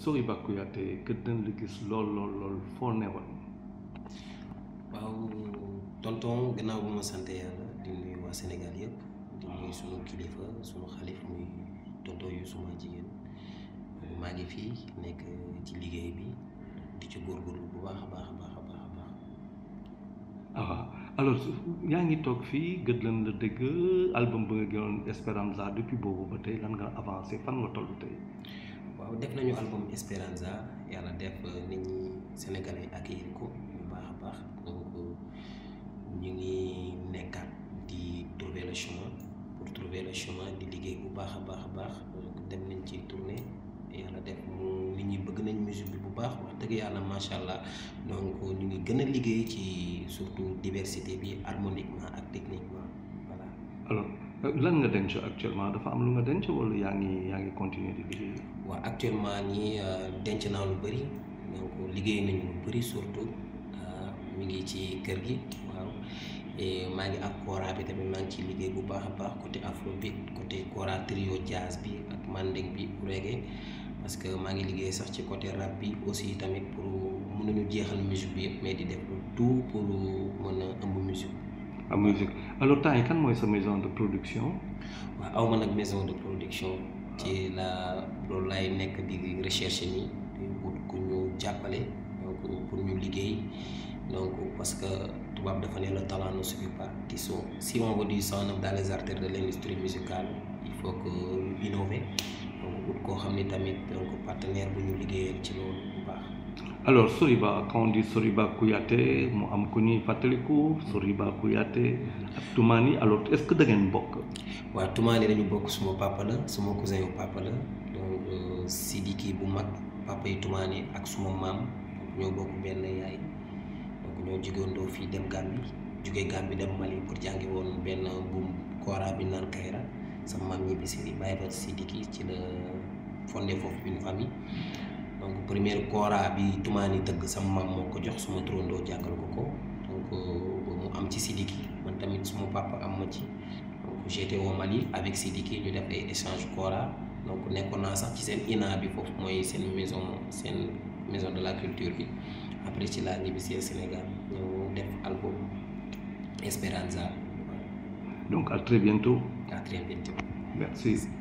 Soriba Kouyaté gëddën la gis lool lool lool fo newoon waaw tonton gannaaw bu ma sante yàlla di nuyu waa Sénégal yëpp di nuyu sunu kilifa sunu xalif muy tonton yu suma jigéen maa ngi fii nekk ci liggéey bi di ci góorgóorlu bu baax a baax a baax a baax a baax ah alors yaa ngi toog fii gëddën la dëgg album bu nga génnoon Esperanza depuis boobu ba tey lan nga avancé fan nga toll tey nous def nañu album Esperanza yàlla def nit sénégalais bu baax le chemin pour trouver le chemin di liggéey bu baax baax dem nañ ci musique bu baax wax dëgg donc surtout diversité harmoniquement ak techniquement voilà alors lan nga denc actuellement dafa am lu nga denc wala yaa ngi yaa ngi continuer di liggéey waaw actuellement nii ya, denc naa lu bëri donc liggéey nañu lu bëri surtout mi ah, ngi ci kër gi waaw maa ngi ak kora bi tamit maa ngi ci liggéey bu baax a baax côté afrobeat côté kora trio jazz bi ak manding bi reggae parce que maa ngi liggéey sax ci côté rap bi aussi tamit pour jeexal musique bi mais di def lu tout pour mën a ëmb musique. musique alors temps yi kan mooy sa maison de production. waaw aw ma nag maison de production ci la loolu laay nekk di recherche ni pour ku ñu donc pour ñu liggéey donc parce que tubaab dafa ne le talent ne suffit pas si on veut du sang dans les artères de l'industrie musicale il faut que innover donc on koo xam tamit donc partenaire bu ñu liggéeyal ci bu baax. alors Soriba quand on dit Soriba Kouyaté mu am ku ñuy fàttaliku Soriba Kouyaté ak Toumani alors est-ce que da ngeen bokk. waaw Toumani dañu bokk suma papa la suma cousin yu papa la donc euh, Sidiki bu mag papa yi Toumani ak suma maam ñoo bokk benn yaay donc ñoo jugandoo fii dem Gambie jugee Gambie dem Mali pour jàngi woon benn bu Kora bi naan Kayra sama maam ñibbi si bàyyi ba Sidiki ci la fondé foofu une famille. donc première kora bi tumani tëgg sama maam moo ko jox suma turandoo jangal ko ko donc euh, mu am ci Sidiki man tamit suma papa am ma ci donc j'étais au Mali avec Sidiki ñu def ay échange kora donc nekkona sax ci sen INA bi foofu moy sen maison sen maison de la culture bi après ci laa ñibbisee Sénégal ñu def album Esperanza. donc à très bientôt. à très bientôt. merci.